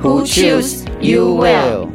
Who choose you will.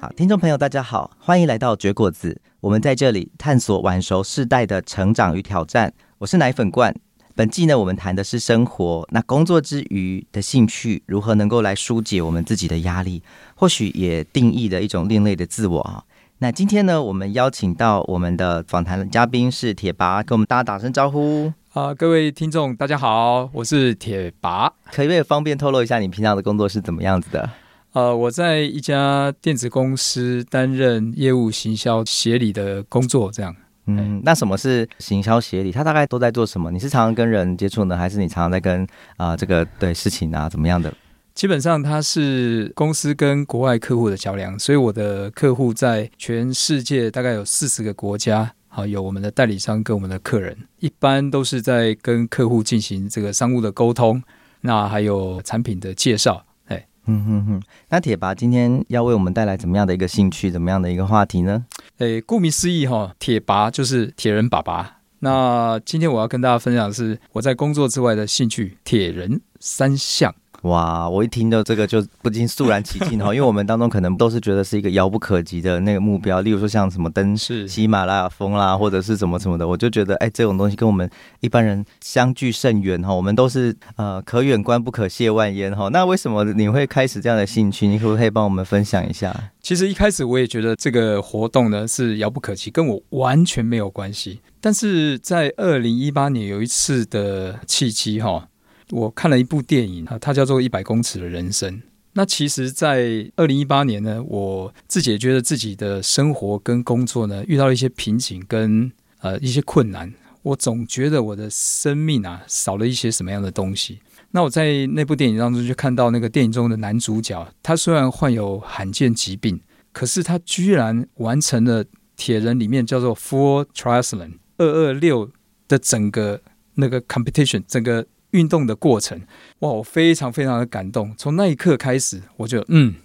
好，聽眾朋友，大家好，歡迎來到絕果子。我們在這裡探索晚熟世代的成長與挑戰。我是奶粉罐。本季呢，我們談的是生活，那工作之餘的興趣如何能夠來紓解我們自己的壓力，或許也定義了一種另類的自我啊。那今天呢，我們邀請到我們的訪談的嘉賓是鐵拔，跟我們大家打聲招呼。啊、呃，各位聽眾，大家好，我是鐵拔。可不可以方便透露一下你平常的工作是怎麼樣子的？呃，我在一家電子公司擔任業務行銷協理的工作，這樣嗯。嗯，那什麼是行銷協理？他大概都在做什麼？你是常常跟人接觸呢，還是你常常在跟啊、呃、這個對事情啊怎麼樣的？基本上，他是公司跟國外客戶的橋梁，所以我的客戶在全世界大概有四十個國家。好，有我們的代理商跟我們的客人，一般都是在跟客戶進行這個商務的溝通，那還有產品的介紹。哎，嗯嗯嗯。那鐵拔今天要為我們帶來怎麼樣的一個興趣，怎麼樣的一個話題呢？誒、哎，顧名思義哈，鐵拔就是鐵人爸爸。那今天我要跟大家分享的是我在工作之外的興趣——鐵人三項。哇，我一聽到這個就不禁肅然起敬哈， 因為我們當中可能都是覺得是一個遙不可及的那個目標，例如說像什麼登喜馬拉雅峰啦，或者是什麼什麼的，我就覺得哎，這種東西跟我們一般人相距甚遠哈。我們都是呃可遠觀不可褻玩焉哈。那為什麼你會開始這樣的興趣？你可不可以幫我們分享一下？其實一開始我也覺得這個活動呢是遙不可及，跟我完全沒有關係。但是在二零一八年有一次的契機哈、哦。我看了一部電影啊，它叫做《一百公尺的人生》。那其實，在二零一八年呢，我自己也覺得自己的生活跟工作呢遇到了一些瓶頸跟呃一些困難。我總覺得我的生命啊少了一些什麼樣的東西。那我在那部電影當中就看到那個電影中的男主角，他雖然患有罕見疾病，可是他居然完成了鐵人裡面叫做 Full Triathlon 二二六的整個那個 competition 整個。運動的過程，哇，我非常非常的感動。從那一刻開始，我就嗯，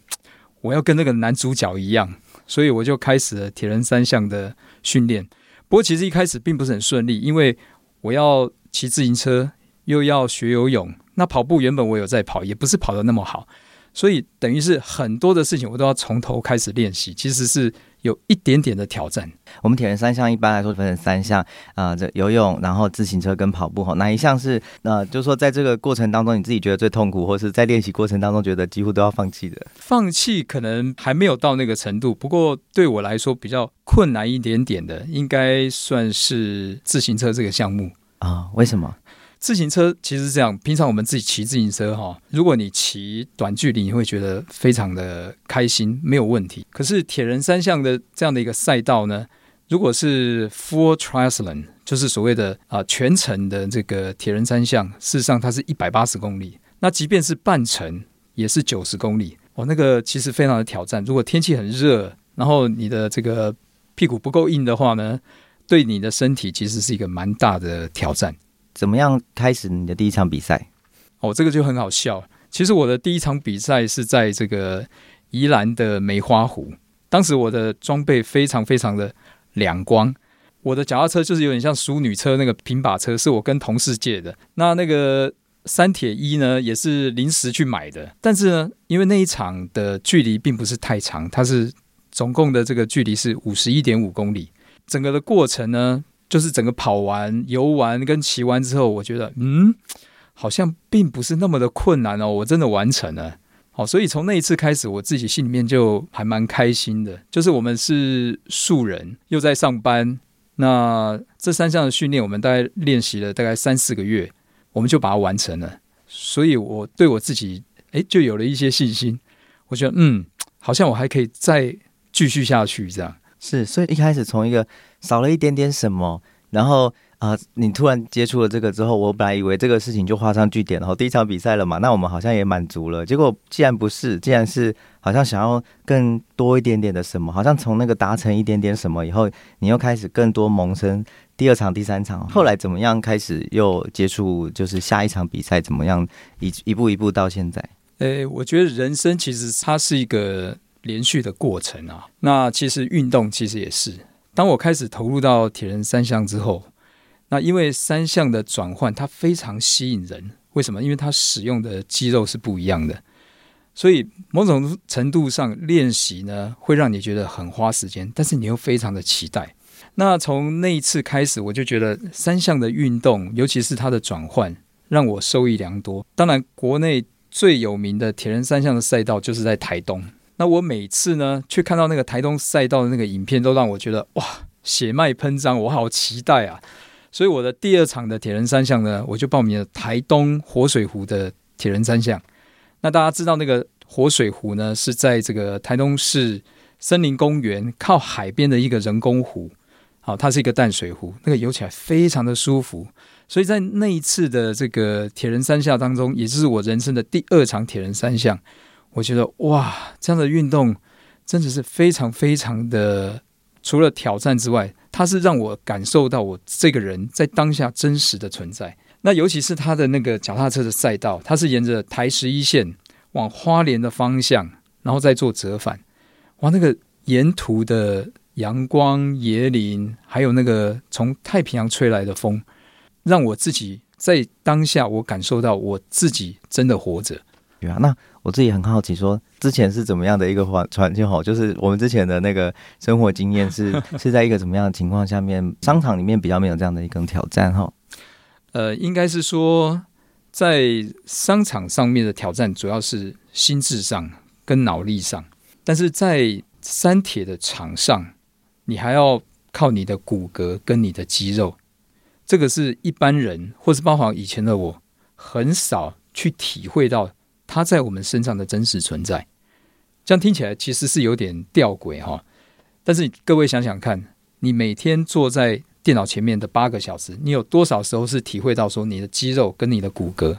我要跟那個男主角一樣，所以我就開始了鐵人三項的訓練。不過，其實一開始並不是很順利，因為我要騎自行車，又要學游泳。那跑步原本我有在跑，也不是跑得那麼好，所以等於是很多的事情我都要從頭開始練習。其實是。有一點點的挑戰。我們鐵人三項一般來說分成三項啊、呃，這游泳，然後自行車跟跑步吼，哪一項是？那、呃、就是說，在這個過程當中，你自己覺得最痛苦，或是在練習過程當中覺得幾乎都要放棄的？放棄可能還沒有到那個程度，不過對我來說比較困難一點點的，應該算是自行車這個項目啊、哦，為什麼？自行車其實是這樣，平常我們自己騎自行車哈，如果你騎短距離，你會覺得非常的開心，沒有問題。可是鐵人三項的這樣的一個賽道呢，如果是 full triathlon，就是所謂的啊、呃、全程的這個鐵人三項，事實上它是一百八十公里，那即便是半程也是九十公里。哦，那個其實非常的挑戰。如果天氣很熱，然後你的這個屁股不夠硬的話呢，對你的身體其實是一個蠻大的挑戰。怎麼樣開始你的第一場比賽？哦，這個就很好笑。其實我的第一場比賽是在這個宜蘭的梅花湖。當時我的裝備非常非常的兩光，我的腳踏車就是有點像淑女車那個平把車，是我跟同事借的。那那個三鐵衣呢，也是臨時去買的。但是呢，因為那一場的距離並不是太長，它是總共的這個距離是五十一點五公里，整個的過程呢。就是整個跑完、游完跟騎完之後，我覺得嗯，好像並不是那麼的困難哦，我真的完成了。好，所以從那一次開始，我自己心裡面就還蠻開心的。就是我們是素人，又在上班，那這三項的訓練，我們大概練習了大概三四個月，我們就把它完成了。所以，我對我自己哎，就有了一些信心。我覺得嗯，好像我還可以再繼續下去這樣。是，所以一開始從一個少了一點點什麼，然後啊、呃，你突然接觸了這個之後，我本來以為這個事情就畫上句點，然後第一場比賽了嘛，那我們好像也滿足了。結果既然不是，既然是好像想要更多一點點的什麼，好像從那個達成一點點什麼以後，你又開始更多萌生第二場、第三場，後來怎麼樣？開始又接觸就是下一場比賽怎麼樣一？一一步一步到現在。誒、欸，我覺得人生其實它是一個。連續的過程啊，那其實運動其實也是。當我開始投入到鐵人三項之後，那因為三項的轉換它非常吸引人，為什麼？因為它使用的肌肉是不一樣的，所以某種程度上練習呢會讓你覺得很花時間，但是你又非常的期待。那從那一次開始，我就覺得三項的運動，尤其是它的轉換，讓我受益良多。當然，國內最有名的鐵人三項的賽道就是在台東。那我每次呢，去看到那個台東賽道的那個影片，都讓我覺得哇，血脈噴張，我好期待啊！所以我的第二場的鐵人三項呢，我就報名了台東活水湖的鐵人三項。那大家知道那個活水湖呢，是在這個台東市森林公園靠海邊的一個人工湖，好，它是一個淡水湖，那個游起來非常的舒服。所以在那一次的這個鐵人三項當中，也就是我人生的第二場鐵人三項。我覺得哇，這樣的運動真的是非常非常的，除了挑戰之外，它是讓我感受到我這個人在當下真實的存在。那尤其是他的那個腳踏車的賽道，它是沿着台十一線往花蓮的方向，然後再做折返。哇，那個沿途的陽光、椰林，還有那個從太平洋吹來的風，讓我自己在當下我感受到我自己真的活着。對啊，那。我自己很好奇，說之前是怎麼樣的一個環境吼？就是我們之前的那個生活經驗是是在一個怎麼樣的情況下面？商場裡面比較沒有這樣的一種挑戰，哈。呃，應該是說，在商場上面的挑戰主要是心智上跟腦力上，但是在三鐵的場上，你還要靠你的骨骼跟你的肌肉。這個是一般人，或是包括以前的我，很少去體會到。它在我們身上的真實存在，這樣聽起來其實是有點吊詭哈。但是各位想想看，你每天坐在電腦前面的八個小時，你有多少時候是體會到說你的肌肉跟你的骨骼？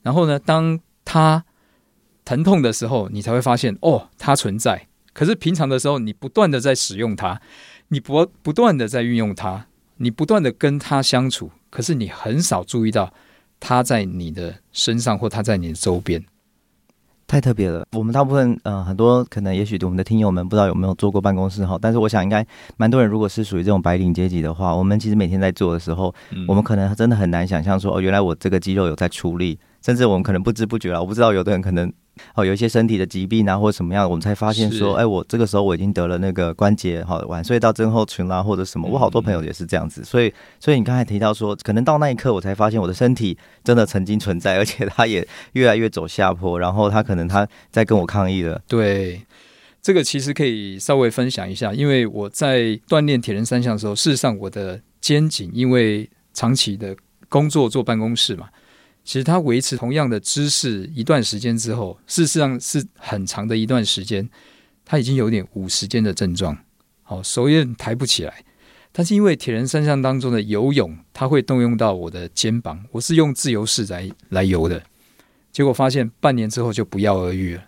然後呢，當它疼痛的時候，你才會發現哦，它存在。可是平常的時候，你不斷的在使用它，你不不斷的在運用它，你不斷的跟它相處，可是你很少注意到它在你的身上或它在你的周邊。太特別了，我們大部分呃、很多可能也許我們的聽友們不知道有沒有坐過辦公室哈，但是我想應該蠻多人如果是屬於這種白領階級的話，我們其實每天在做的時候，嗯、我們可能真的很難想象說哦，原來我這個肌肉有在出力。甚至我們可能不知不覺啊，我不知道有的人可能哦有一些身體的疾病啊，或者什麼樣，我們才發現說，哎，我這個時候我已經得了那個關節哈晚睡到症候群啦、啊、或者什麼，我好多朋友也是這樣子、嗯。所以，所以你剛才提到說，可能到那一刻我才發現我的身體真的曾經存在，而且它也越來越走下坡，然後他可能他在跟我抗議了。對，這個其實可以稍微分享一下，因為我在鍛鍊鐵人三項的時候，事實上我的肩頸因為長期的工作坐辦公室嘛。其實他維持同樣的姿勢一段時間之後，事實上是很長的一段時間，他已經有點五十肩的症狀，好手也抬不起來。但是因為鐵人三項當中的游泳，他會動用到我的肩膀，我是用自由式來游來游的，結果發現半年之後就不藥而癒了。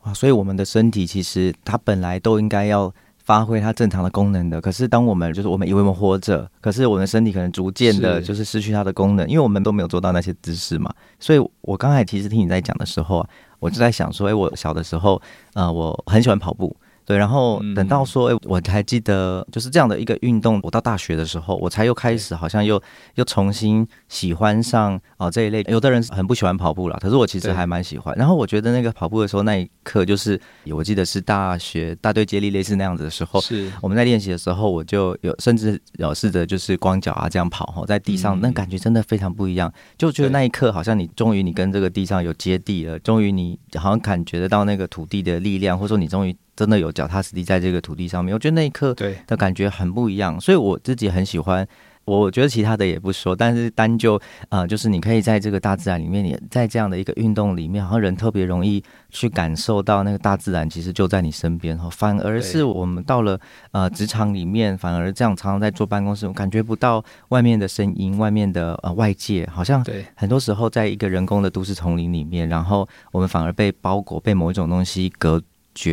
啊，所以我們的身體其實它本來都應該要。發揮它正常的功能的，可是當我們就是我們以為我們活着，可是我們身體可能逐漸的就是失去它的功能，因為我們都沒有做到那些姿勢嘛。所以我剛才其實聽你在講的時候啊，我就在想說，哎，我小的時候，啊，呃，我很喜歡跑步。對，然後等到說，哎、嗯，我還記得，就是這樣的一個運動。我到大學的時候，我才又開始，好像又又重新喜歡上哦這一類。有的人很不喜歡跑步了，可是我其實還蠻喜歡。然後我覺得那個跑步的時候，那一刻就是，我記得是大學大隊接力類似那樣子的時候，是我們在練習的時候，我就有甚至有試着就是光腳啊這樣跑吼，在地上、嗯、那感覺真的非常不一樣，就覺得那一刻好像你終於你跟這個地上有接地了，終於你好像感覺得到那個土地的力量，或者說你終於。真的有腳踏實地在這個土地上面，我覺得那一刻的感覺很不一樣，所以我自己很喜歡。我覺得其他的也不說，但是單就啊、呃，就是你可以在這個大自然裡面，你在這樣的一個運動裡面，好像人特別容易去感受到那個大自然其實就在你身邊。哈，反而是我們到了呃職場裡面，反而這樣常常在坐辦公室，我感覺不到外面的聲音，外面的呃外界，好像很多時候在一個人工的都市叢林裡面，然後我們反而被包裹，被某一種東西隔。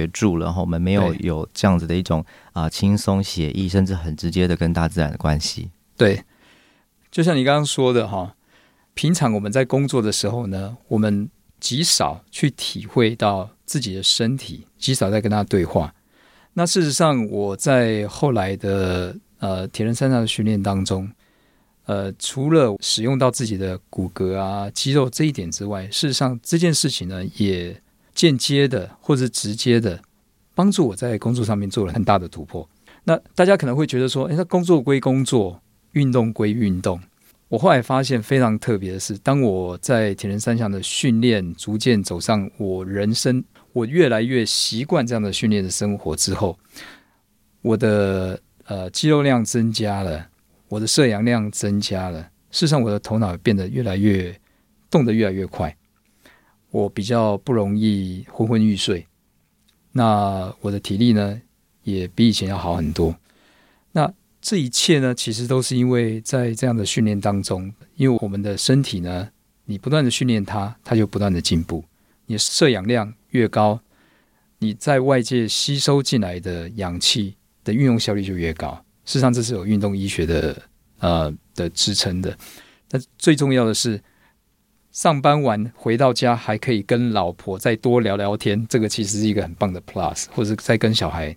住了，然後我們沒有有這樣子的一種啊、呃、輕鬆寫意，甚至很直接的跟大自然的關係。對，就像你剛剛說的哈，平常我們在工作的時候呢，我們極少去體會到自己的身體，極少在跟他對話。那事實上，我在後來的呃鐵人三項的訓練當中，呃，除了使用到自己的骨骼啊肌肉，這一點之外，事實上這件事情呢也。間接的，或者是直接的，幫助我在工作上面做了很大的突破。那大家可能會覺得說，哎，那工作歸工作，運動歸運動。我後來發現非常特別的是，當我在鐵人三項的訓練逐漸走上我人生，我越來越習慣這樣的訓練的生活之後，我的呃肌肉量增加了，我的攝氧量增加了，事實上我的頭腦變得越來越動得越來越快。我比較不容易昏昏欲睡，那我的體力呢，也比以前要好很多。那這一切呢，其實都是因為在這樣的訓練當中，因為我們的身體呢，你不斷的訓練它，它就不斷的進步。你的攝氧量越高，你在外界吸收進來的氧氣的運用效率就越高。事實上，這是有運動醫學的呃的支撐的。但最重要的是，上班完回到家還可以跟老婆再多聊聊天，這個其實是一個很棒的 plus，或者是再跟小孩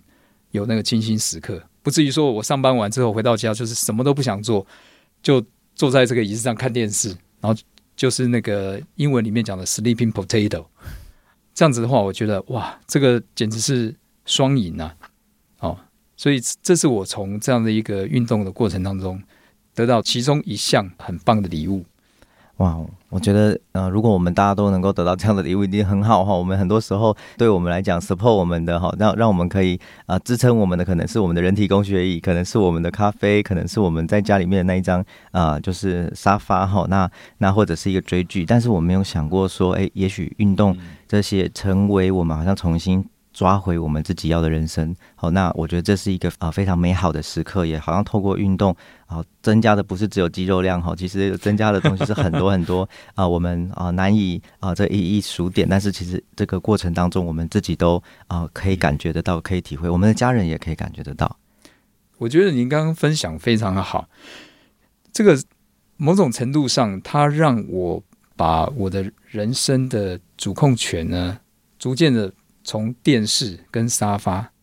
有那個清新時刻，不至於說我上班完之後回到家就是什麼都不想做，就坐在這個椅子上看電視，然後就是那個英文裡面講的 sleeping potato，這樣子的話，我覺得哇，這個簡直是雙贏啊！哦，所以這是我從這樣的一個運動的過程當中得到其中一項很棒的禮物。哇，我覺得，呃，如果我們大家都能夠得到這樣的禮物，一定很好哈。我們很多時候，對我們來講，support 我們的哈，讓讓我們可以啊支撐我們的，可能是我們的人體工學椅，可能是我們的咖啡，可能是我們在家裡面的那一張啊，就是沙發哈。那那或者是一個追劇，但是我沒有想過說，哎，也許運動這些成為我們好像重新。抓回我們自己要的人生，好，那我覺得這是一個啊、呃、非常美好的時刻，也好像透過運動，啊、呃，增加的不是只有肌肉量哈，其實增加的東西是很多很多啊、 呃，我們啊、呃、難以啊、呃、再一一數點，但是其實這個過程當中，我們自己都啊、呃、可以感覺得到，可以體會，我們的家人也可以感覺得到。我覺得您剛剛分享非常的好，這個某種程度上，它讓我把我的人生的主控權呢，逐漸的。從電視跟沙發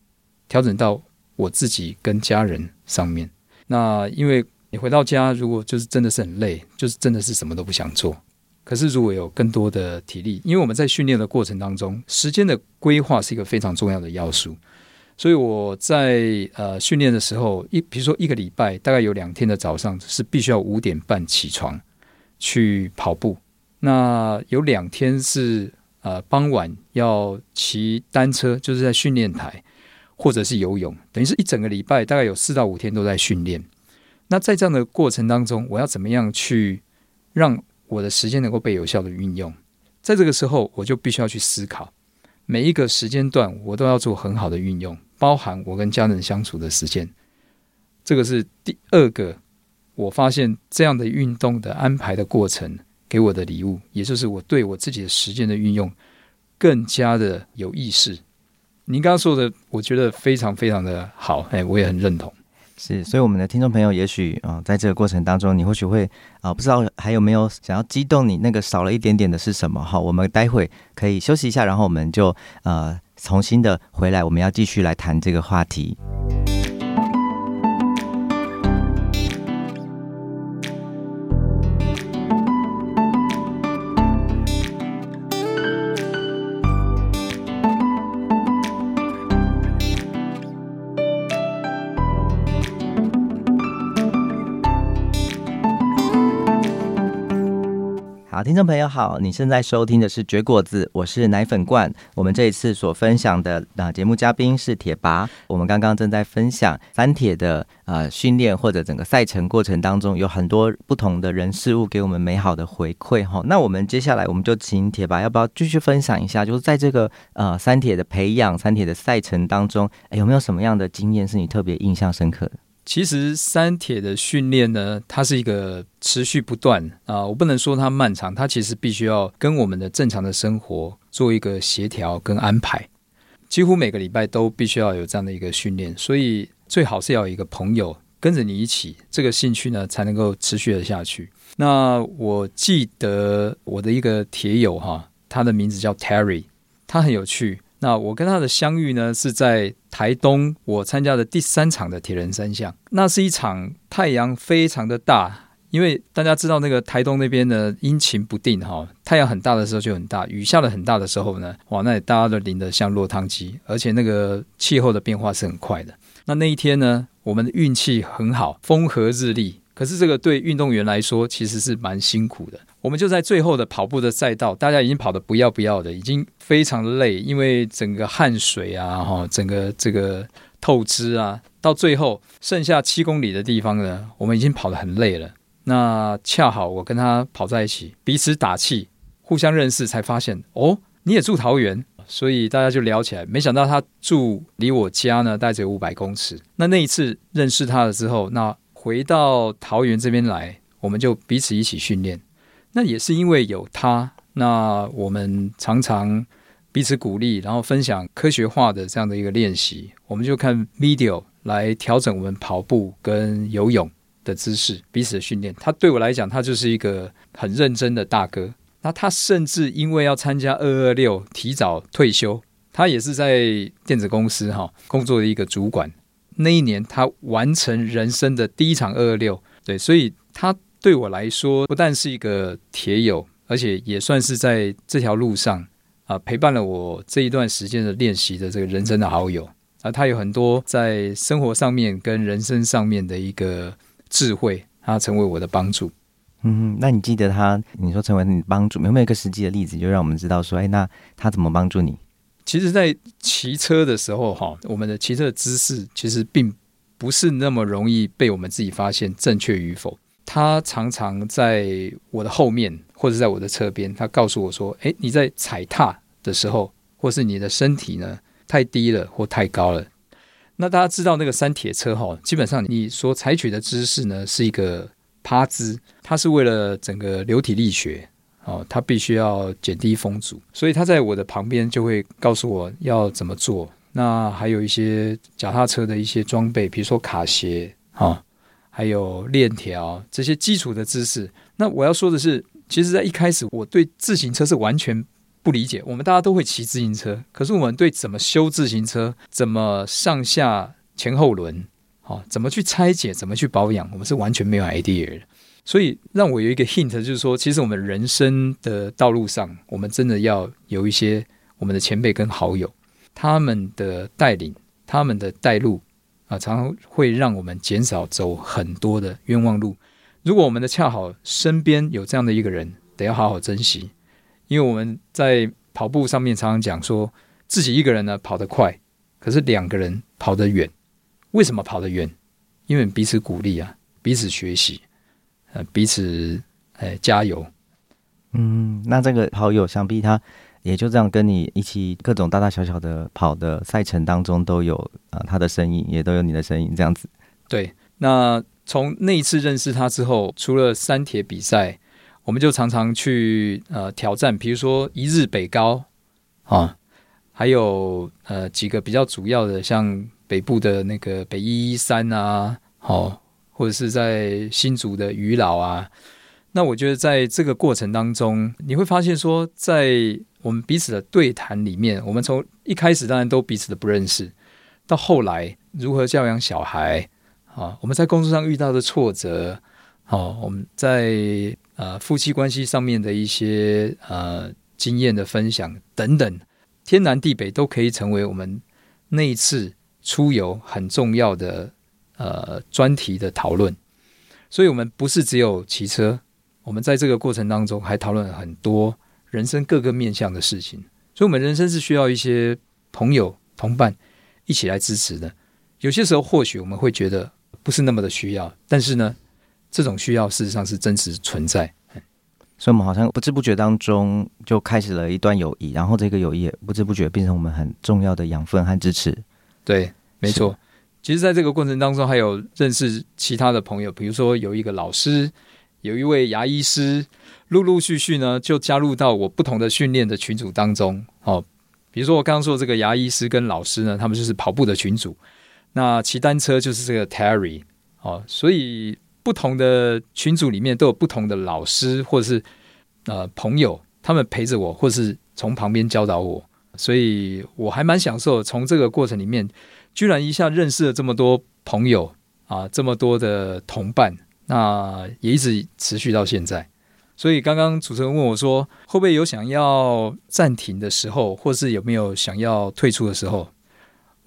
調整到我自己跟家人上面。那因為你回到家，如果就是真的是很累，就是真的是什麼都不想做。可是如果有更多的體力，因為我們在訓練的過程當中，時間的規劃是一個非常重要的要素。所以我在呃訓練的時候，一比如說一個禮拜大概有兩天的早上是必須要五點半起床去跑步，那有兩天是，呃，傍晚要騎單車，就是在訓練台，或者是游泳，等於是一整個禮拜大概有四到五天都在訓練。那在這樣的過程當中，我要怎麼樣去讓我的時間能夠被有效的運用？在這個時候，我就必須要去思考每一個時間段我都要做很好的運用，包含我跟家人相處的時間。這個是第二個，我發現這樣的運動的安排的過程。給我的禮物，也就是我對我自己的時間的運用更加的有意識。您剛剛說的，我覺得非常非常的好，哎，我也很認同。是，所以我們的聽眾朋友，也許啊、呃，在這個過程當中，你或許會啊、呃，不知道還有沒有想要激動你那個少了一點點的是什麼？好，我們待會可以休息一下，然後我們就呃重新的回來，我們要繼續來談這個話題。聽眾朋友好，你現在收聽的是《絕果子》，我是奶粉罐。我們這一次所分享的啊、呃，節目嘉賓是鐵拔。我們剛剛正在分享三鐵的呃訓練或者整個賽程過程當中，有很多不同的人事物給我們美好的回饋哈、哦。那我們接下來我們就請鐵拔，要不要繼續分享一下？就是在這個呃三鐵的培養、三鐵的賽程當中誒，有沒有什麼樣的經驗是你特別印象深刻的？其實三鐵的訓練呢，它是一個持續不斷啊，我不能說它漫長，它其實必須要跟我們的正常的生活做一個協調跟安排，幾乎每個禮拜都必須要有這樣的一個訓練，所以最好是要有一個朋友跟着你一起，這個興趣呢才能夠持續的下去。那我記得我的一個鐵友哈，他的名字叫 Terry，他很有趣。那我跟他的相遇呢是在，台東，我參加的第三場的鐵人三項，那是一場太陽非常的大，因為大家知道那個台東那邊呢，陰晴不定哈、哦，太陽很大的時候就很大，雨下得很大的時候呢，哇，那大家都淋得像落湯雞，而且那個氣候的變化是很快的。那那一天呢，我們的運氣很好，風和日麗。可是這個對運動員來說其實是蠻辛苦的。我們就在最後的跑步的賽道，大家已經跑得不要不要的，已經非常累，因為整個汗水啊，哈，整個這個透支啊，到最後剩下七公里的地方呢，我們已經跑得很累了。那恰好我跟他跑在一起，彼此打氣，互相認識，才發現哦，你也住桃園，所以大家就聊起來。沒想到他住離我家呢，大概只有五百公尺。那那一次認識他了之後，那。回到桃園這邊來，我們就彼此一起訓練。那也是因為有他，那我們常常彼此鼓勵，然後分享科學化的這樣的一個練習。我們就看 video 來調整我們跑步跟游泳的姿勢，彼此的訓練。他對我來講，他就是一個很認真的大哥。那他甚至因為要參加二二六，提早退休。他也是在電子公司哈工作的一個主管。那一年，他完成人生的第一場二二六。對，所以他對我來說不但是一個鐵友，而且也算是在這條路上啊、呃、陪伴了我這一段時間的練習的這個人生的好友啊、呃。他有很多在生活上面跟人生上面的一個智慧，他成為我的幫助。嗯，那你記得他，你說成為你幫助，沒有沒有一個實際的例子，就讓我們知道說，哎，那他怎麼幫助你？其實，在騎車的時候，哈，我們的騎車的姿勢其實並不是那麼容易被我們自己發現正確與否。他常常在我的後面，或者在我的側邊，他告訴我說：“哎，你在踩踏的時候，或是你的身體呢太低了，或太高了。”那大家知道那個三鐵車哈，基本上你所採取的姿勢呢是一個趴姿，它是為了整個流體力學。哦，他必須要減低風阻，所以他在我的旁邊就會告訴我要怎麼做。那還有一些腳踏車的一些裝備，比如說卡鞋啊、哦，還有鏈條這些基礎的知識。那我要說的是，其實，在一開始我對自行車是完全不理解。我們大家都會騎自行車，可是我們對怎麼修自行車、怎麼上下前後輪、好、哦、怎麼去拆解、怎麼去保養，我們是完全沒有 idea 的。所以讓我有一個 hint，就是說，其實我們人生的道路上，我們真的要有一些我們的前輩跟好友，他們的帶領，他們的帶路啊，常常會讓我們減少走很多的冤枉路。如果我們的恰好身邊有這樣的一個人，得要好好珍惜，因為我們在跑步上面常常講說，自己一個人呢跑得快，可是兩個人跑得遠，為什麼跑得遠？因為彼此鼓勵啊，彼此學習。呃、彼此誒、欸，加油！嗯，那這個好友，想必他也就這樣跟你一起各種大大小小的跑的賽程當中都有啊、呃，他的身影也都有你的身影，這樣子。對，那從那一次認識他之後，除了三鐵比賽，我們就常常去呃挑戰，比如說一日北高啊、嗯，還有呃幾個比較主要的，像北部的那個北一一山啊，好、哦。或者是在新竹的余老啊，那我覺得在這個過程當中，你會發現說，在我們彼此的對談裡面，我們從一開始當然都彼此的不認識，到後來如何教養小孩啊，我們在工作上遇到的挫折，好、啊，我們在呃夫妻關係上面的一些呃經驗的分享等等，天南地北都可以成為我們那一次出遊很重要的。呃，專題的討論，所以我們不是只有騎車，我們在這個過程當中還討論了很多人生各個面向的事情。所以，我們人生是需要一些朋友、同伴一起來支持的。有些時候，或許我們會覺得不是那麼的需要，但是呢，這種需要事實上是真實存在。所以，我們好像不知不覺當中就開始了一段友誼，然後這個友誼也不知不覺變成我們很重要的養分和支持。對，沒錯。其實，在這個過程當中，還有認識其他的朋友，比如說有一個老師，有一位牙醫師，陸陸續續呢就加入到我不同的訓練的群組當中。哦，比如說我剛剛說的這個牙醫師跟老師呢，他們就是跑步的群組，那騎單車就是這個 Terry 哦，所以不同的群組裡面都有不同的老師或者是呃朋友，他們陪着我，或是從旁邊教導我，所以我還蠻享受從這個過程裡面。居然一下認識了這麼多朋友啊，這麼多的同伴，那也一直持續到現在。所以剛剛主持人問我說，會不會有想要暫停的時候，或是有沒有想要退出的時候？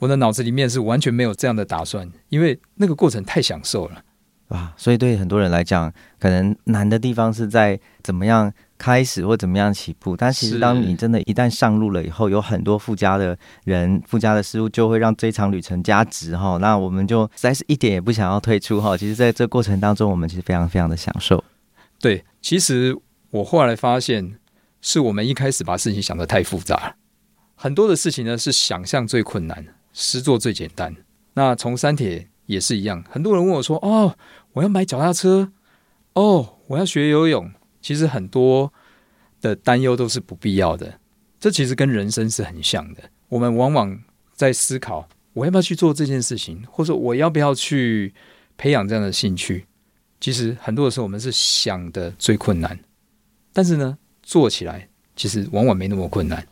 我的腦子裡面是完全沒有這樣的打算，因為那個過程太享受了，啊。所以對很多人來講，可能難的地方是在怎麼樣。開始或怎麼樣起步，但其實當你真的一旦上路了以後，有很多附加的人、附加的事物，就會讓這一場旅程加值哈。那我們就實在是一點也不想要退出哈。其實，在這過程當中，我們其實非常非常的享受。對，其實我後來發現，是我們一開始把事情想得太複雜了。很多的事情呢，是想象最困難，實做最簡單。那從三鐵也是一樣，很多人問我說：“哦，我要買腳踏車，哦，我要學游泳。”其實很多的擔憂都是不必要的，這其實跟人生是很像的。我們往往在思考我要不要去做這件事情，或者我要不要去培養這樣的興趣。其實很多的時候，我們是想的最困難，但是呢，做起來其實往往沒那麼困難。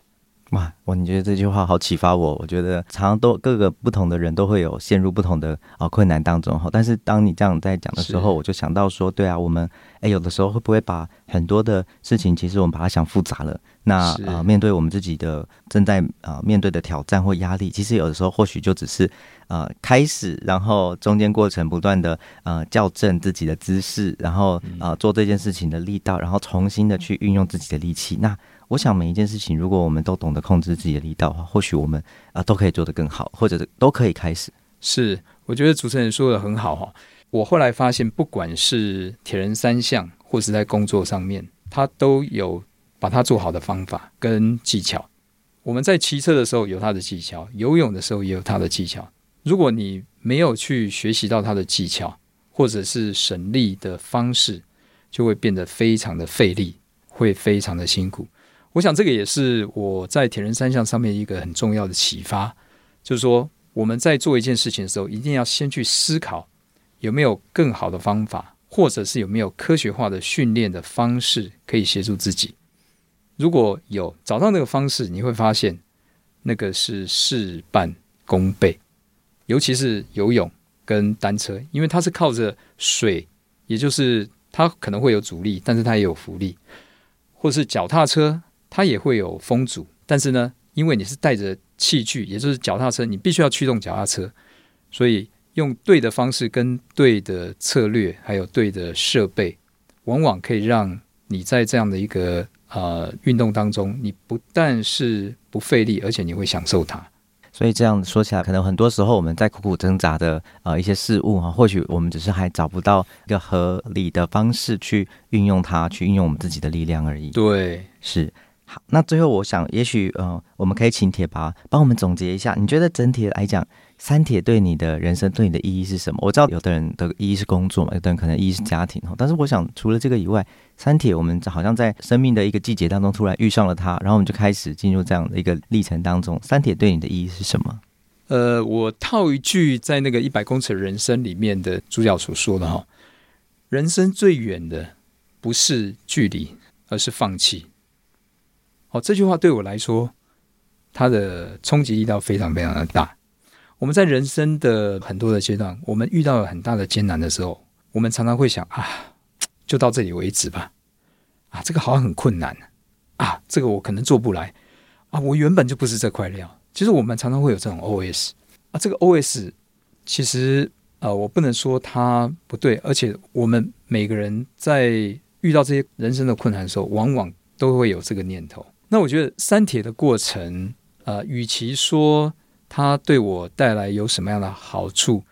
哇，哇！你覺得這句話好啟發我。我覺得常常都各個不同的人都會有陷入不同的啊困難當中。哈，但是當你這樣在講的時候，我就想到說，對啊，我們誒，有的時候會不會把很多的事情，其實我們把它想複雜了。那啊、呃，面對我們自己的正在啊、呃、面對的挑戰或壓力，其實有的時候或許就只是啊、呃、開始，然後中間過程不斷的啊、呃、校正自己的姿勢，然後啊、嗯呃、做這件事情的力道，然後重新的去運用自己的力氣。那。我想每一件事情，如果我們都懂得控制自己的力道的話，或許我們啊都可以做得更好，或者都可以開始。是，我覺得主持人說的很好哈。我後來發現，不管是鐵人三項，或者是在工作上面，他都有把它做好的方法跟技巧。我們在騎車的時候有他的技巧，游泳的時候也有他的技巧。如果你沒有去學習到他的技巧，或者是省力的方式，就會變得非常的費力，會非常的辛苦。我想這個也是我在鐵人三項上面一個很重要的啟發，就是說我們在做一件事情的時候，一定要先去思考有沒有更好的方法，或者是有沒有科學化的訓練的方式可以協助自己。如果有找到那個方式，你會發現那個是事半功倍。尤其是游泳跟單車，因為它是靠着水，也就是它可能會有阻力，但是它也有浮力，或者是腳踏車。它也會有風阻，但是呢，因為你是帶着器具，也就是腳踏車，你必須要驅動腳踏車，所以用對的方式、跟對的策略，還有對的設備，往往可以讓你在這樣的一個呃運動當中，你不但是不費力，而且你會享受它。所以這樣說起來，可能很多時候我們在苦苦掙扎的呃一些事物哈，或許我們只是還找不到一個合理的方式去運用它，去運用我們自己的力量而已。對，是。好，那最後我想也，也許呃，我們可以請鐵拔幫我們總結一下。你覺得整體來講，三鐵對你的人生、對你的意義是什麼？我知道有的人的意義是工作嘛，有的人可能意義是家庭哈。但是我想，除了這個以外，三鐵我們好像在生命的一個季節當中突然遇上了他，然後我們就開始進入這樣的一個歷程當中。三鐵對你的意義是什麼？呃，我套一句在那個一百公尺人生裡面的主角所說的哈、嗯，人生最遠的不是距離，而是放棄。哦，這句話對我來說，它的衝擊力道非常非常的大。我們在人生的很多的階段，我們遇到了很大的艱難的時候，我們常常會想啊，就到這裡為止吧。啊，這個好像很困難啊，這個我可能做不來啊，我原本就不是這塊料。其實我們常常會有這種 OS 啊，這個 OS 其實啊、呃，我不能說它不對，而且我們每個人在遇到這些人生的困難的時候，往往都會有這個念頭。那我覺得，三鐵的過程，呃，與其說它對我帶來有什麼樣的好處，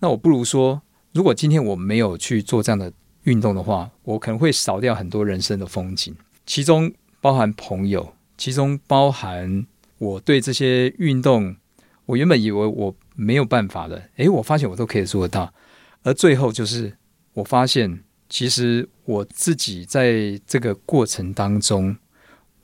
那我不如說，如果今天我沒有去做這樣的運動的話，我可能會少掉很多人生的風景，其中包含朋友，其中包含我對這些運動，我原本以為我沒有辦法的，誒，我發現我都可以做到，而最後就是，我發現其實我自己在這個過程當中。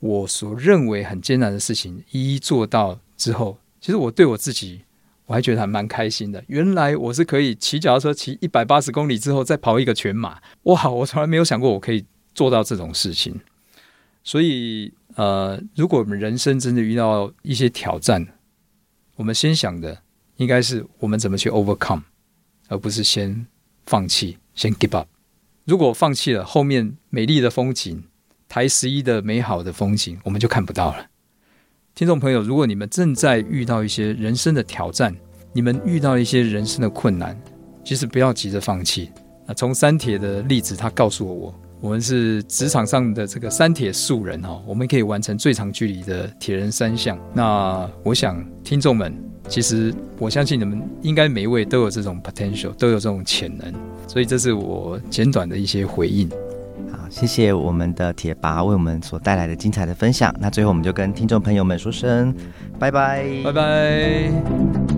我所認為很艱難的事情一一做到之後，其實我對我自己，我還覺得還蠻開心的。原來我是可以騎腳踏車騎一百八十公里之後再跑一個全馬，哇！我從來沒有想過我可以做到這種事情。所以，呃，如果我們人生真的遇到一些挑戰，我們先想的應該是我們怎麼去 overcome，而不是先放棄，先 give up。如果放棄了，後面美麗的風景。台十一的美好的風景，我們就看不到了。聽眾朋友，如果你們正在遇到一些人生的挑戰，你們遇到一些人生的困難，其實不要急着放棄。那從三鐵的例子，他告訴我，我們是職場上的這個三鐵素人哈，我們可以完成最長距離的鐵人三項。那我想，聽眾們，其實我相信你們應該每一位都有這種 potential，都有這種潛能。所以，這是我簡短的一些回應。謝謝我們的鐵拔為我們所帶來的精彩的分享。那最後我們就跟聽眾朋友們說聲拜拜，拜拜。